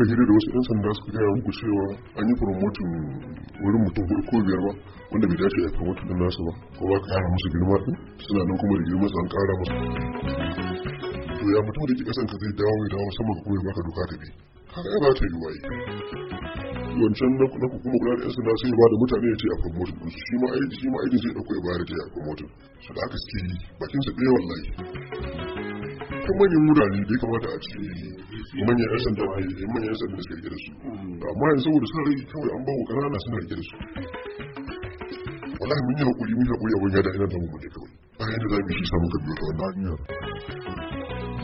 muka hira da wasu 'yan sanda suka gaya muku cewa an yi promotin wurin mutum hudu ko biyar ba wanda bai dace a promotin din nasu ba ko ba kara musu girma din suna nan kuma da girma su an kara musu to ya mutum da ke kasan ka zai dawo ya dawo musamman kuma ya baka doka ka bi har ya ba ta yi waye wancan na kuma kula da 'yan sanda sai ya ba da mutane ya ce a promotin din su shi ma aiki shi ma aiki zai dauko ya bayar da ya promotin su da aka suke yi bakin su ɗaya wallahi akwai manyan wurare da ya kamata a ce manyan yan sanda a yi manyan sanda suka rike da su amma yanzu saboda suna rage kawai an ba wa ƙanana suna rike da su wallahi mun yi hakuri mun yi hakuri abin ya da ina da mu kawai a yanzu za mu shi samu kabiyo ta wannan hanyar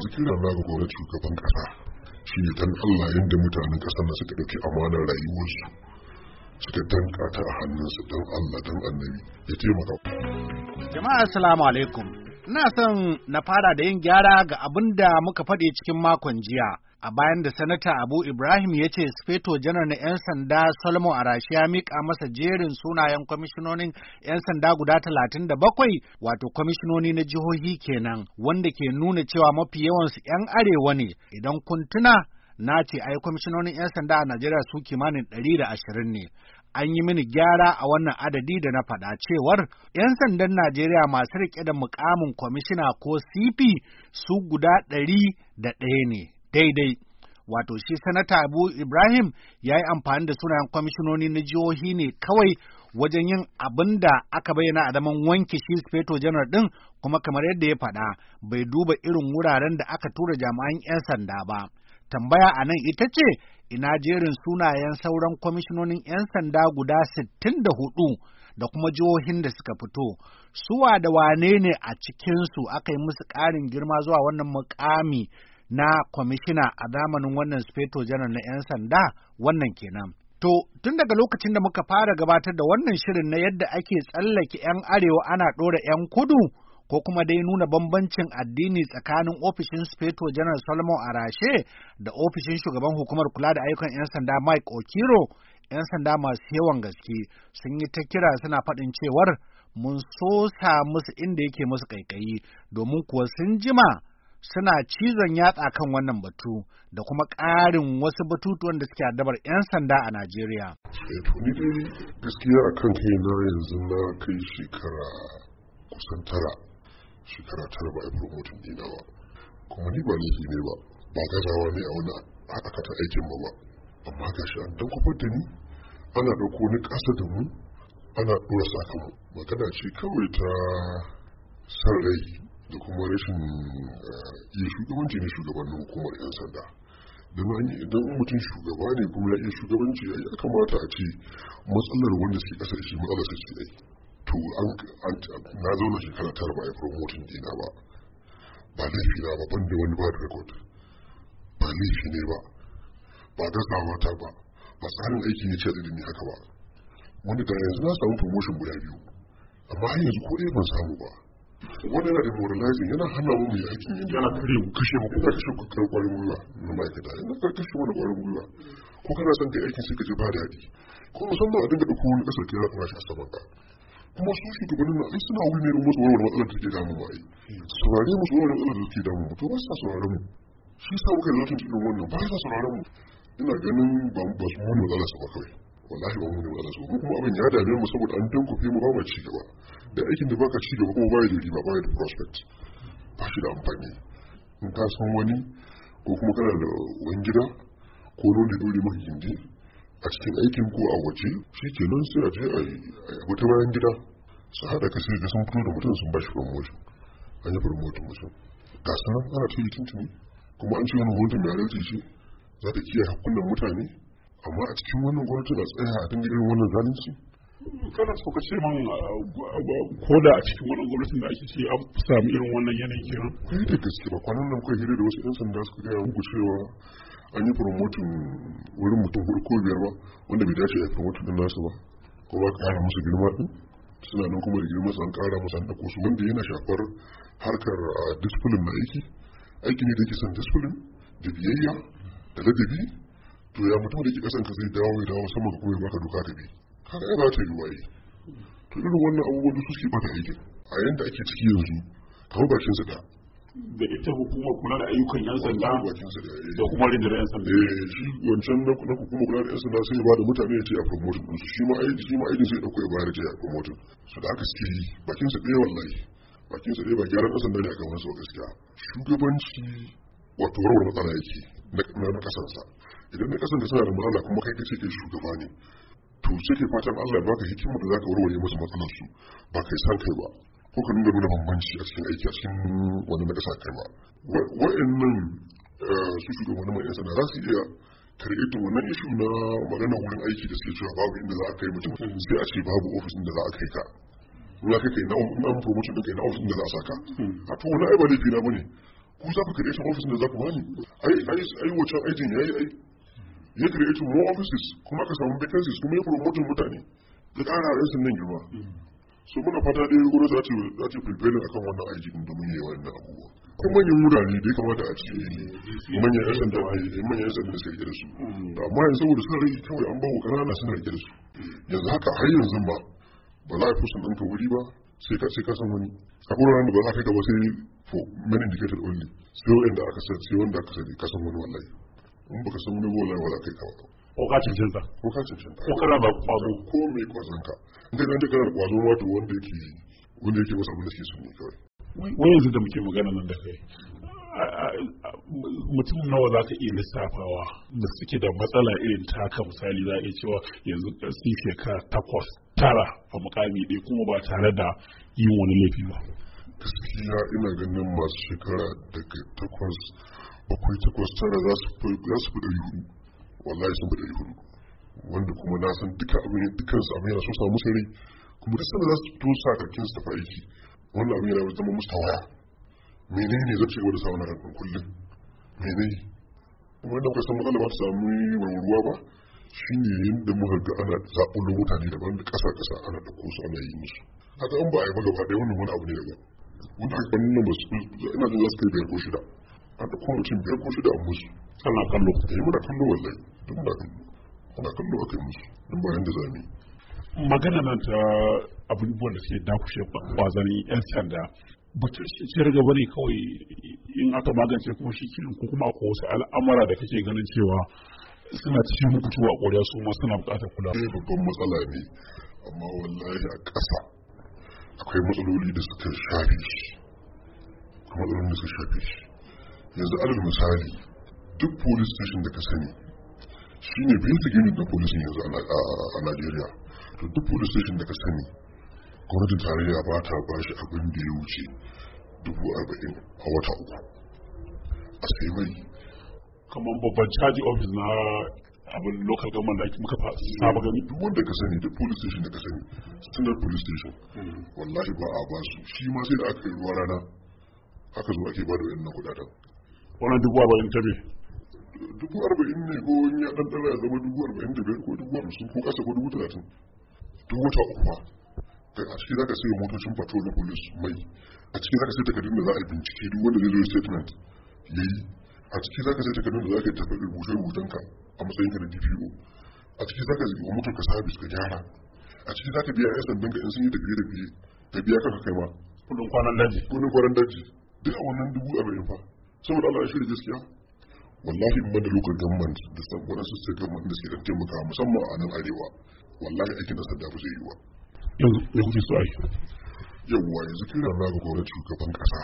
zikira na ga gwamnati shugaban kasa shi ne dan Allah yadda mutanen kasar na suka ɗauki amanar rayuwarsu suka danka ta a hannunsa don Allah don annabi ya taimaka. Jama'a assalamu alaikum. Ina son na fara da yin gyara ga abin da muka faɗi cikin makon jiya. A bayan da Sanata Abu Ibrahim ya ce Sufeto Janar na 'yan sanda Solomon Arashi ya miƙa masa jerin sunayen kwamishinonin 'yan sanda guda talatin da bakwai wato kwamishinoni na jihohi kenan wanda ke nuna cewa mafi yawansu 'yan arewa ne idan kun tuna na ce ai kwamishinonin 'yan sanda a Najeriya su kimanin ɗari da ashirin ne. An yi mini gyara a wannan adadi da na faɗa cewar 'yan sandan Najeriya masu riƙe da mukamin kwamishina ko CP su guda ɗari da ɗaya ne daidai. Wato shi sanata Abu Ibrahim ya yi amfani da sunayen kwamishinoni na jihohi ne kawai wajen yin abin da aka bayyana a zaman wanke shi feto janar ɗin kuma kamar yadda ya faɗa bai duba irin wuraren da aka tura jami'an 'yan sanda ba. Tambaya a nan ita ce, ina jerin sunayen sauran kwamishinonin 'yan sanda guda sittin da hudu da kuma jihohin da suka fito, suwa da wane ne a cikinsu aka yi musu ƙarin girma zuwa wannan mukami na kwamishina a zamanin wannan speto janar na 'yan sanda wannan kenan. To, tun daga lokacin da muka fara gabatar da wannan shirin na yadda ake tsallake 'yan arewa ana ɗora 'yan kudu, ko kuma dai nuna bambancin addini tsakanin ofishin Speto General Solomon Arashe da ofishin shugaban hukumar kula da ayyukan 'yan sanda Mike Okiro, 'yan sanda masu yawan gaske sun yi ta kira suna faɗin cewar mun sosa musu inda yake musu kaikayi domin kuwa sun jima suna cizon yatsa kan wannan batu da kuma ƙarin wasu batutuwan da suke addabar 'yan sanda a Najeriya. Eh, gaskiya a kai na yanzu na kai shekara kusan tara shekara tara ba a promoting dina ba kuma ni ba laifi ne ba ba gazawa ne a wani akata aikin ba ba amma ga shi an dan kufar da ni ana ɗauko ni ƙasa da mu ana ɗora sakamu magana ce kawai ta san rai da kuma rashin eh, iya shugabanci na shugabannin hukumar 'yan sanda don an idan mutum shugaba ne kuma ya iya shugabanci ya kamata a ce matsalar wanda suke ƙasa shi matsalar su ce to na zauna shekara tara ba a yi promotin dina ba ba laifi na ba ban da wani bad record ba laifi ne ba ba gazawa ta ba ba tsarin aiki ne ce ilimi haka ba Wani da yanzu na samu promotion guda biyu amma har yanzu ko ɗaya ban samu ba Wani yana da moralizing yana hana mu mai aikin yana yana kare mu kashe mu kuma kashe kakar kwarin gwiwa na ma'aikata yana kar kashe mana kwarin gwiwa ko kana son ka aikin sai ka ji ba daɗi ko musamman a dinga ɗauko wani ƙasar kira a rashi a saman ka kuma su shugabannin na suna wuri ne musu warware matsalar da ke damu ba yi saurare musu warware matsalar da ke damu ba to ba sa saurare mu shi sa kuka yi lakin cikin wannan ba sa saurare mu ina ganin ba su mu matsala su ba kawai wallahi ba mu ne matsala su ba kuma abin ya dame mu saboda an dankofe mu ba ma ci gaba da aikin da baka ci gaba kuma ba ya da riba ba ya da prospect ba shi da amfani in ka san wani ko kuma kana da wani gida ko nuna da dole maka gindi a cikin aikin ko a wace shi ke nan sai a je a yi abu bayan gida su haɗa ka sai sun fito da mutum sun ba shi promotion an yi promotion mutum ga sanar ana ta yi tun-tuni kuma an ce wani gwamnatin da adalci ce za ta kiyaye hakkunan mutane amma a cikin wannan gwamnati da tsaya a dangin wannan zalunci kana so ka ce man ah, koda a cikin wannan gwamnatin da ake ce an sami irin wannan yanayi kenan kai da gaske ba kwanan nan kuka hira da wasu 'yan sanda suka gaya muku cewa an yi promotin wurin mutum hudu ko biyar ba wanda bai dace a promotin din nasu ba ko ba kara musu girma din suna nan kuma da girma su an kara musu an dako su wanda yana shafar harkar ah, discipline na aiki aiki ne da ke son discipline da biyayya da ladabi to ya mutum da ke kasan ka zai dawo ya dawo sama kuma ya baka doka ka bi kaga yana ta yi yi to irin wannan abubuwan da suke bata aikin a yanda ake ciki yanzu kamar bakin sada da da ita hukumar kula da ayyukan yan sanda eh. da kuma rinjar yan sanda eh shi wancan na hukumar kula da yan sanda sai ba da mutane ya ce a promotion din su shi ma aiki shi ma aikin sai dauko ya bayar ya promotion su da aka suke yi bakin su ɗaya wallahi bakin su ɗaya ba gyaran kasan da ne a gaban su gaskiya shugabanci wato warware matsala yake na kasansa idan na kasan da suna da matsala kuma kai kace ke shugaba ne to sai kai fatan Allah baka hikima da zaka warware musu matsalar su ba kai san kai ba ko ka nuna nuna bambanci a cikin aiki a cikin wani na ƙasa kai ba wa'annan eh, su shugabannin mai sanda za su iya karɓi wannan ishu na magana wurin aiki da suke cewa babu inda za a kai mutum sai a ce babu ofis da za a kai ka ruwa kai na an promotion din kai na ofis da za a saka a to wani ai ba laifi na bane ku za ku kare shi ofis da za ku bani ai ai ai wancan aikin yi ai ya create more offices kuma ka samu vacancies kuma ya promote mutane ya kara yan nan girma so muna fata ɗaya gudu za ta yi prevailing akan wannan aiki da mun yi wannan abubuwa kuma manyan wurare da ya kamata a ce manyan yan sanda manyan yan sanda suka da su amma yanzu saboda rage kawai an suna da su yanzu haka har yanzu ba ba za a fusa ɗanka wuri ba sai ka sai ka san wani a wuraren da ba za ka kai ka ba sai for men indicated only sai wanda aka sai wanda aka sani ka wani wallahi in baka san wani bola wala kai kawo ko ka cancanta ko ka cancanta ko kana da kwazo ko me kwazon ka inda ka ganta kana da kwazo wato wanda yake wanda yake masa abin da suke so ne kawai wai yanzu da muke magana nan da kai mutum nawa za ka iya lissafawa da suke da matsala irin taka misali za a iya cewa yanzu sun shekara takwas tara a mukami ɗaya kuma ba tare da yin wani laifi ba gaskiya ina ganin masu shekara daga takwas akwai takwas tara za su fi ɗari hudu wallahi sun fi ɗari hudu wanda kuma na san duka abin dukkan su abin yana so samu sare kuma duk sanda za su fito sa karkin su tafi aiki wannan abin yana zama musu tawaya menene zai ci gaba da samun ranar kullum ne kuma yadda muka san matsala ba ta samu warwarwa ba yin yadda muka ga ana zaɓulo mutane daban da ƙasa ƙasa ana ɗauko su ana yi musu haka an ba a yi ba gaba ɗaya wannan wani abu ne daban wanda aka wannan ba su ina jin za su kai ya ko shida a da kowace biyar ko shida a musu ana kallo eh muna kallo wallahi duk ba kallo ana kallo yi musu duk bayan da zamu magana nan ta abubuwan da suke dakushe kwazan yan sanda batun shi ce gaba ne kawai in aka magance kuma shi kilin ko kuma ko wasu al'amura da kake ganin cewa suna cikin muku tuwa ƙwarya su ma suna buƙatar kula. Ne eh, babban matsala ne amma wallahi a ƙasa akwai matsaloli da suka shafe shi. Matsalolin da suka shafe shi. yanzu alal misali duk police station da ka sani shine basic unit na policing yanzu a Nigeria to duk police station da ka sani gwamnatin tarayya ba ta ba shi abin da ya wuce dubu arba'in a wata uku a sai mai kamar babban caji office na abin local government da ake muka saba gani duk wanda ka sani duk police station da ka sani standard police station hmm. wallahi ba a ba su shi ma sai da aka yi ruwa rana aka zo ake ba da wayannan kudaden wannan dubu arba'in ta ne dubu arba'in ne ko in ya dan ya zama dubu arba'in da biyar ko dubu arba'in ko ƙasa ko dubu talatin duk wata uku ba a ciki za zaka sai motocin patrol na police mai a ciki za ka sai takardun da za a bincike duk wanda zai zo statement yi a ciki za ka sai takardun da zaka tafi rubuce rubutan ka a matsayin ka na DPO a ciki za zaka yi motar ka sabis ka gyara a ciki za ka biya yan sandan ka in sun yi da biye ka biya ka kai ma kudin kwanan daji kudin kwanan daji duk a wannan dubu arba'in fa saboda Allah ya shirya gaskiya wallahi in bada local government da sabuwar su sai government da suke da taimaka musamman a nan arewa wallahi aikin da saddafu zai yi wa yau ya kuke so ai yawwa yanzu kira na ga gwamnati shugaban kasa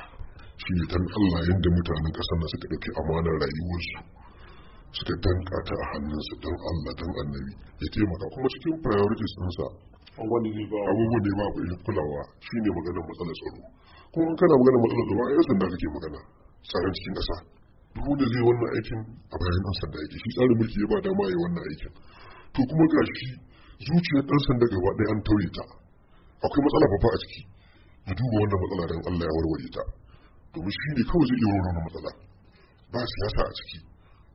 shi ne dan Allah yadda mutanen kasar nan suka dauki amanar rayuwarsu suka danka ta a hannunsu dan Allah dan annabi ya taimaka kuma cikin priorities ɗinsa abubuwan da ya ba kulawa shi ne maganar matsalar tsaro kuma kana maganar matsalar tsaro a yasan da kake magana tsaron cikin ƙasa duk wanda zai wannan aikin a bayan ɗan sanda yake shi tsarin mulki ya ba dama ya wannan aikin to kuma ga shi zuciyar ɗan sanda gaba ɗaya an tauye ta akwai matsala babba a ciki ya duba wannan matsala don Allah ya warware ta domin shi ne kawai zai iya warware wannan matsala ba siyasa a ciki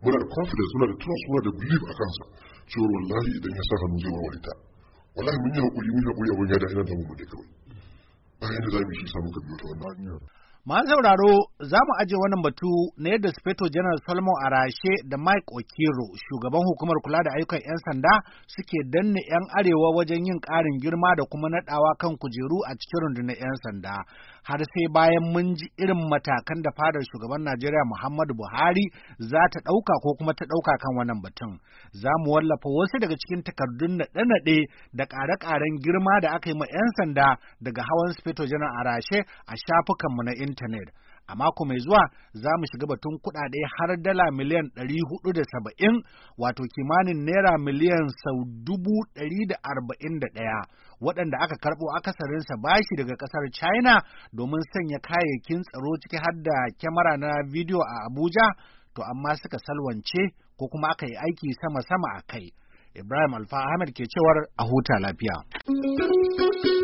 muna da confidence muna da trust muna da belief a kansa cewar wallahi idan ya sa hannu zai warware ta wallahi mun yi hakuri mun yi hakuri abin ya da ina da mu ne kawai bayan da za mu shi samu kabiyo ta wannan hanyar Ma sauraro za mu ajiye wannan batu na yadda Sufeto General Solomon Arashe da Mike Okiro, shugaban hukumar kula da ayyukan 'yan sanda suke danne 'yan arewa wajen yin ƙarin girma da kuma naɗawa kan kujeru a cikin rundunar 'yan sanda. har sai bayan mun ji irin matakan da fadar shugaban Najeriya Muhammadu Buhari za ta ɗauka ko kuma ta ɗauka kan wannan batun. Za mu wallafa wasu daga cikin takardun naɗe-naɗe da ƙare-ƙaren girma da aka yi ma 'yan sanda daga hawan Sufeto Janar Arashe a shafukanmu na intanet. A mako mai zuwa za mu shiga batun kuɗaɗe har dala miliyan ɗari da saba'in, wato kimanin naira miliyan sau dubu ɗari da da arba'in ɗaya, waɗanda aka karɓo akasarinsa bashi daga ƙasar China domin sanya kayayyakin tsaro ciki har da kyamara na bidiyo a Abuja to amma suka salwance ko kuma aka yi aiki sama-sama a kai. Ibrahim Alfa Ahmed ke cewar a huta lafiya.